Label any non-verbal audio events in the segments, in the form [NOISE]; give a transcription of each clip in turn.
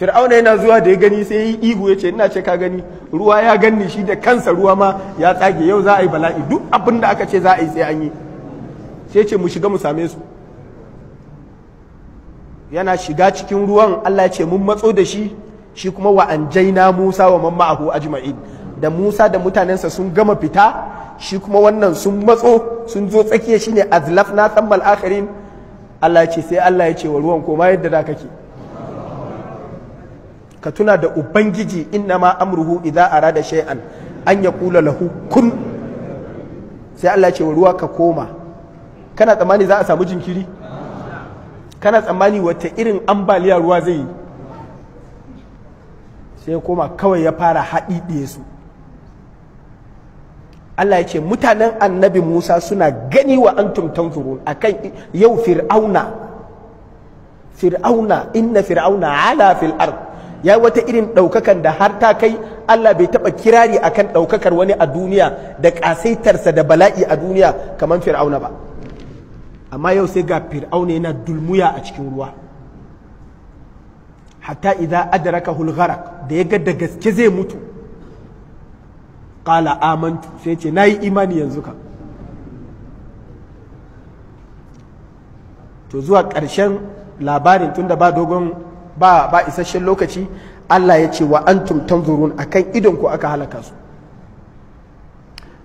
fir'auna yana zuwa da ya gani sai yi ihu ya ce ina ce ka gani ruwa ya gani shi da kansa ruwa ma ya tsage yau za a yi bala'i duk abin da aka ce za a yi sai an yi sai ce mu shiga mu same su yana shiga cikin ruwan Allah ya ce mun matso da shi shi kuma wa anjaina Musa wa man ma'ahu ajma'in da Musa da mutanensa sun gama fita shi kuma wannan sun matso sun zo tsakiya shine azlafna thammal akhirin Allah ya ce sai Allah ya ce wa ruwan koma yadda da kake ka tuna da ubangiji inna ma amruhu idza arada shay'an an yaqula lahu kun sai Allah ce ruwa ka koma kana tsammani za a samu jinkiri kana tsammani wata irin ambaliya ruwa zai yi sai koma kawai ya fara ɗaya su Allah ya ce mutanen annabi Musa suna gani wa antum tanzurun akan yau fir'auna fir'auna inna fir'auna ala fil ya wata irin ɗaukakan da har ta kai Allah bai taɓa kirari akan ɗaukakar wani a duniya da ƙasaitarsa da bala'i a duniya kamar fir'auna ba amma yau sai ga fir'auna yana dulmuya a cikin ruwa hatta idza adraka hulgharak da ya ga da gaske zai mutu qala amantu sai ce nayi imani yanzu ka to zuwa ƙarshen labarin tunda ba dogon ba ba isasshen lokaci Allah ya ce wa antum tanzurun akan idon ku aka halaka su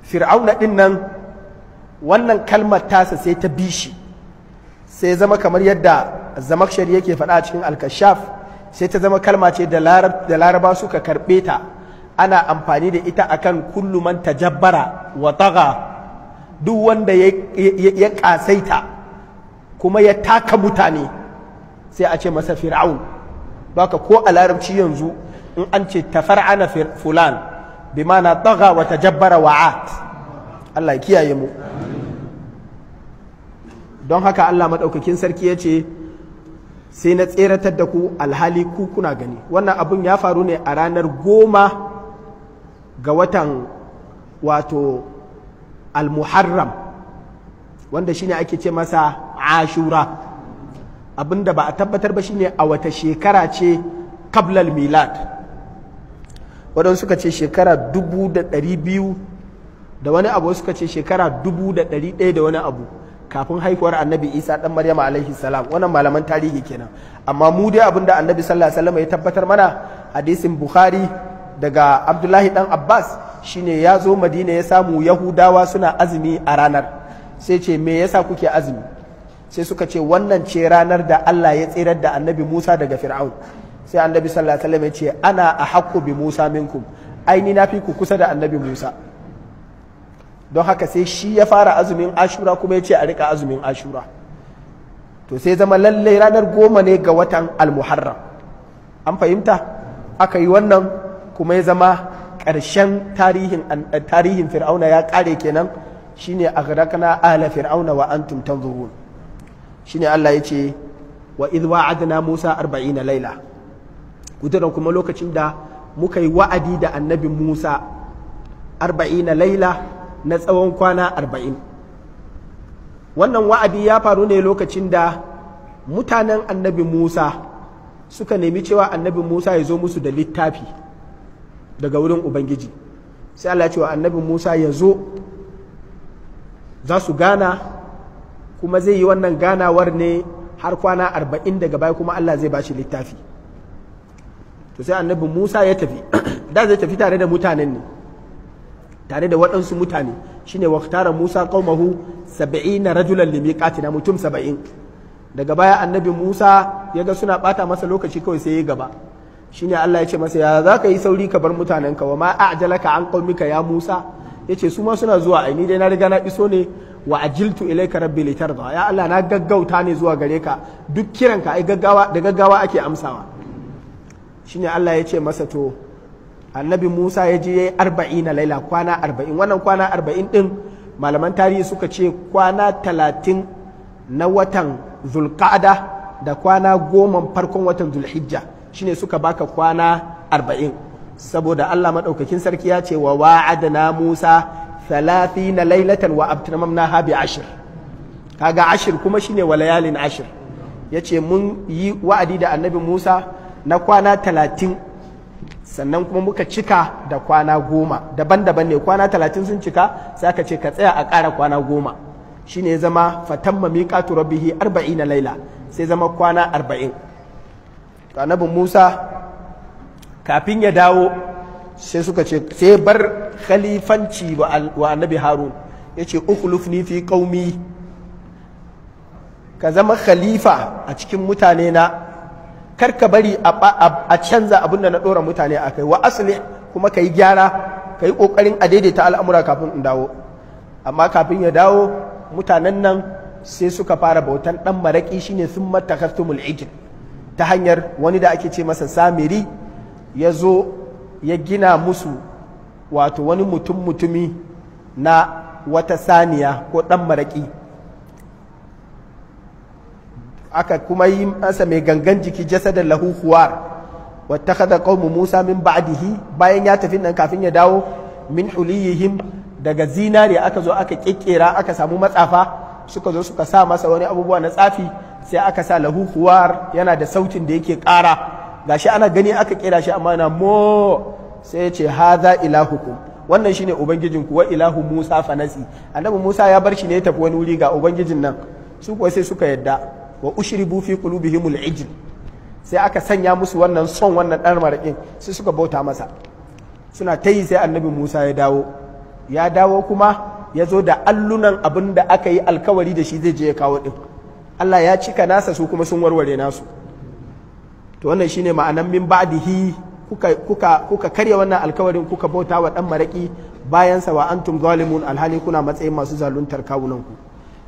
fir'auna din nan wannan kalmar tasa sai ta bishi sai zama kamar yadda zamakshari yake faɗa a cikin alkashaf sai ta zama kalma ce da laraba suka karɓe ta ana amfani da ita akan kullu man tajabbara wa taga duk wanda ya ta kuma ya taka mutane sai a ce masa fir'aun baka ko a larabci yanzu in an ce ana fulan bi mana daga wa tajabbara wa'at Allah kiyaye mu don haka Allah maɗaukakin sarki ya ce sai na tseratar da ku alhali ku kuna gani wannan abun ya faru ne a ranar goma ga watan wato al-muharram wanda shine ake ce masa ashura abinda ba a tabbatar ba shine a wata shekara ce kablal milad waɗansu suka ce shekara dubu da ɗari biyu da wani abu suka ce shekara dubu da ɗari ɗaya da wani abu kafin haihuwar annabi isa ɗan maryama alaihi salam wannan malaman tarihi kenan amma mu dai abinda annabi sallallahu alaihi wasallam ya tabbatar mana hadisin bukhari daga abdullahi dan abbas shine ya zo madina ya samu yahudawa suna azumi a ranar sai ce me yasa kuke azumi sai suka ce wannan ce ranar da Allah ya tsirar da annabi Musa daga Fir'aun sai annabi sallallahu alaihi wasallam ya ce ana a ahqqu bi Musa minkum aini na fi ku kusa da annabi Musa don haka sai shi ya fara azumin Ashura kuma ya ce a rika azumin Ashura to sai zama lalle ranar goma ne ga watan Al-Muharram an fahimta aka yi wannan kuma ya zama ƙarshen tarihin tarihin Fir'auna ya kare kenan shine aghraqna ala fir'auna wa antum tanzurun shine Allah ya ce wa idwa wa'adna Musa 40 laila kuma lokacin da muka yi wa'adi da annabi Musa 40 laila na tsawon kwana arba'in. wannan wa'adi ya faru ne lokacin da mutanen annabi Musa suka nemi cewa annabi Musa ya zo musu da littafi daga wurin Ubangiji sai Allah ya ce wa annabi Musa ya zo za su gana kuma zai yi wannan ganawar ne har kwana arba'in daga baya kuma Allah zai ba bashi littafi to sai annabi Musa ya tafi [CLEARS THROAT] da zai tafi tare da mutanen ne tare da waɗansu mutane shine waktara Musa ƙaumahu saba'i na rajulan limiqatina mutum saba'in daga baya annabi Musa ya ga suna ɓata masa lokaci kawai sai ya gaba shi ne Allah ya ce masa ya za ka yi sauri ka bar mutanenka wa ma jalaka an ƙaumika ya Musa Ya ce su ma suna zuwa ai dai na riga na iso ne wa ajiltu ilayka rabbi litarda ya Allah na gaggauta ne zuwa gare ka duk kiran ka ai gaggawa da gaggawa ake amsawa shine Allah ya ce masa to annabi Musa ya je yayi 40 laila kwana 40 wannan kwana 40 din malaman tarihi suka ce kwana 30 na watan zulqa'da da kwana goma farkon watan zulhijja shine suka baka kwana 40 saboda Allah madaukakin sarki ya ce wa wa'adna Musa na lailatan wa na bi ashir kaga ashir kuma shine ne walayalin ashir yace mun yi wa'adi da annabi Musa na kwana talatin sannan kuma muka cika da kwana goma daban-daban ne kwana talatin sun cika sai aka ce ka tsaya a ƙara kwana goma shine ya zama fatamma rabihi arba'i na laila sai zama kwana arba'in annabi Musa kafin ya dawo sai suka ce sai bar khalifanci wa annabi harun ya ce ukulufni fi kaumi ka zama khalifa a cikin mutane na kar ka bari a canza abin da na ɗora mutane a kai wa asali kuma ka yi gyara ka yi ƙoƙarin a daidaita al'amura kafin in dawo amma kafin ya dawo mutanen nan sai suka fara bautan ɗan maraƙi shine sun mata ta hanyar wani da ake ce masa samiri ya zo ya gina musu wato wani mutum mutumi na wata saniya ko ɗan maraƙi aka kuma yi masa mai gangan jiki jasadar lahu huwar wata kada musa min ba'dihi bayan ya tafi nan kafin ya dawo min huliyihim daga zinari aka zo aka ƙirƙira aka samu matsafa suka zo suka sa masa wani abubuwa na tsafi sai aka sa lahu yana da sautin da yake ƙara Ga shi ana gani aka kira shi amma na mo sai ya ce haza ilahukum wannan shine Ubangijin kuwa, ilahu Musa fanasi annabi Musa ya bar shi ne tafi wani wuri ga ubangijin nan su kuwa sai suka yadda wa ushribu fi qulubihimul ijl sai aka sanya musu wannan son wannan dan marakin sai suka bauta masa suna ta yi sai annabi Musa ya dawo ya dawo kuma ya zo da allunan abin da aka yi alkawari da shi zai je ya kawo din Allah ya cika nasa su kuma sun warware nasu to wannan shine ma'anan min ba'dihi kuka kuka kuka karya wannan alkawarin kuka bauta wa dan maraki bayan sa wa antum zalimun alhali kuna matsayin masu zaluntar kawunan ku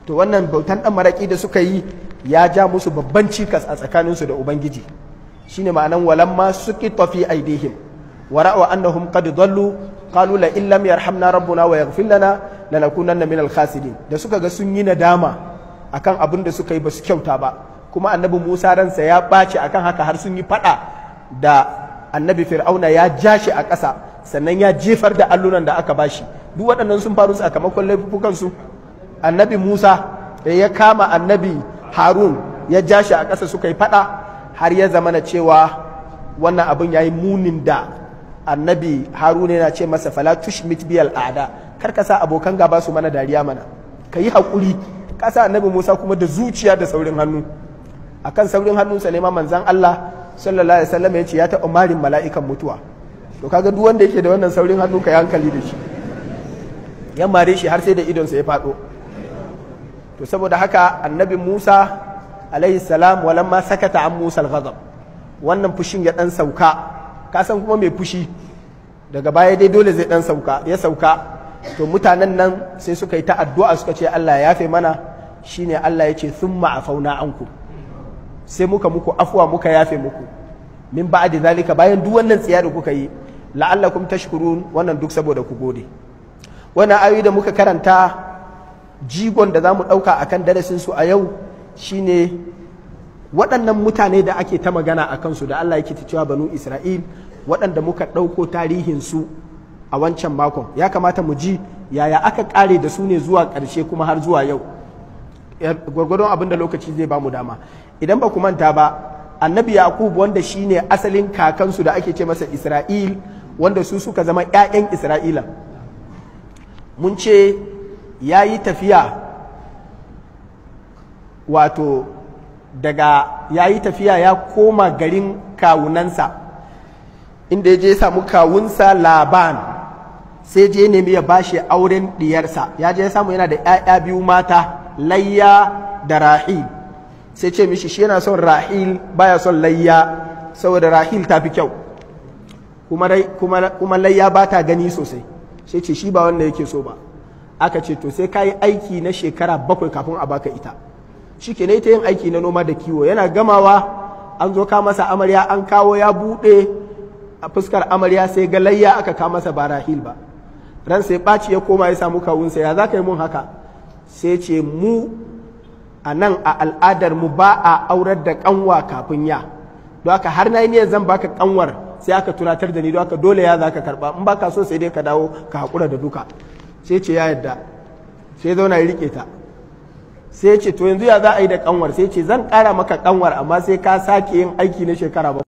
to wannan bautan dan maraki da suka yi ya ja musu babban cikas a tsakanin su da ubangiji shine ma'anan walamma suki tafi aidihim wa annahum qad dallu qalu la in lam yarhamna rabbuna wa yaghfir lana lanakunanna minal khasirin da suka ga sun yi nadama akan abin da suka yi ba su kyauta ba kuma annabi Musa ransa ya ɓaci akan haka har sun yi faɗa da annabi Fir'auna ya ja shi a ƙasa sannan ya jefar da allunan da aka bashi duk waɗannan sun faru sakamakon laifukan su annabi Musa da ya kama annabi Harun ya ja shi a ƙasa suka yi faɗa har ya zama na cewa wannan abin ya yi munin da annabi Harun yana ce masa fala tushmit biyal a'da kar ka sa abokan gaba su mana dariya mana ka yi haƙuri ƙasa annabi Musa kuma da zuciya da saurin hannu akan saurin hannunsa ne ma manzan Allah sallallahu alaihi wasallam ya ce ya taɓa marin mala'ikan mutuwa to kaga duk wanda yake da wannan saurin hannu ka hankali da shi ya mare shi har sai da idonsa ya faɗo to saboda haka annabi Musa alaihi salam walamma sakata an Musa al-ghadab wannan fushin ya dan sauka ka san kuma mai fushi daga baya dai dole zai ɗan sauka ya sauka to mutanen nan sai suka yi ta addu'a suka ce Allah ya yafe mana shine Allah ya ce thumma afauna ankum sai muka muku afuwa muka yafe muku min da zalika bayan duk wannan tsiya da kuka yi la'allakum tashkurun wannan duk saboda ku gode wannan ayoyi da muka karanta jigon da zamu dauka akan darasin su a yau shine waɗannan mutane da ake ta magana a kansu da Allah yake ta cewa banu Isra'il waɗanda muka ɗauko tarihin su a wancan makon ya kamata mu ji yaya aka ƙare da su ne zuwa ƙarshe kuma har zuwa yau gwargwadon abin da lokaci zai bamu dama idan ba ku manta ba annabi yaqub wanda shine asalin kakansu da ake ce masa isra'il wanda su suka zama 'ya'yan isra'ila mun ce ya yi tafiya wato daga ya tafiya ya koma garin kawunansa inda ya je samu kawunsa laban sai je nemi ya bashi auren diyarsa ya je samu yana da 'ya'ya biyu mata layya da rahib sai ce mishi shi yana son rahil baya son layya saboda rahil ta fi kyau kuma layya ba ta gani sosai sai ce shi ba wanda yake so ba aka ce to sai ka yi aiki na shekara bakwai kafin a baka ita shi ke ta yin aiki na noma da kiwo yana gamawa an zo ka masa amarya an kawo ya buɗe a fuskar amarya sai ga layya aka ka masa ba rahil ba ran sai ɓaci ya koma ya samu kawunsa ya za ka yi mun haka sai ce mu a nan a al'adar mu ba a aurar da ƙanwa kafin ya don haka har na yi niyyar zan baka ƙanwar sai aka tunatar da ni don haka dole ya za ka karba in baka so sai dai ka dawo ka haƙura da duka sai ce ya yadda sai zauna ya riƙe ta sai ce to yanzu ya za a yi da ƙanwar sai ce zan ƙara maka ƙanwar amma sai ka sake yin aiki na shekara ba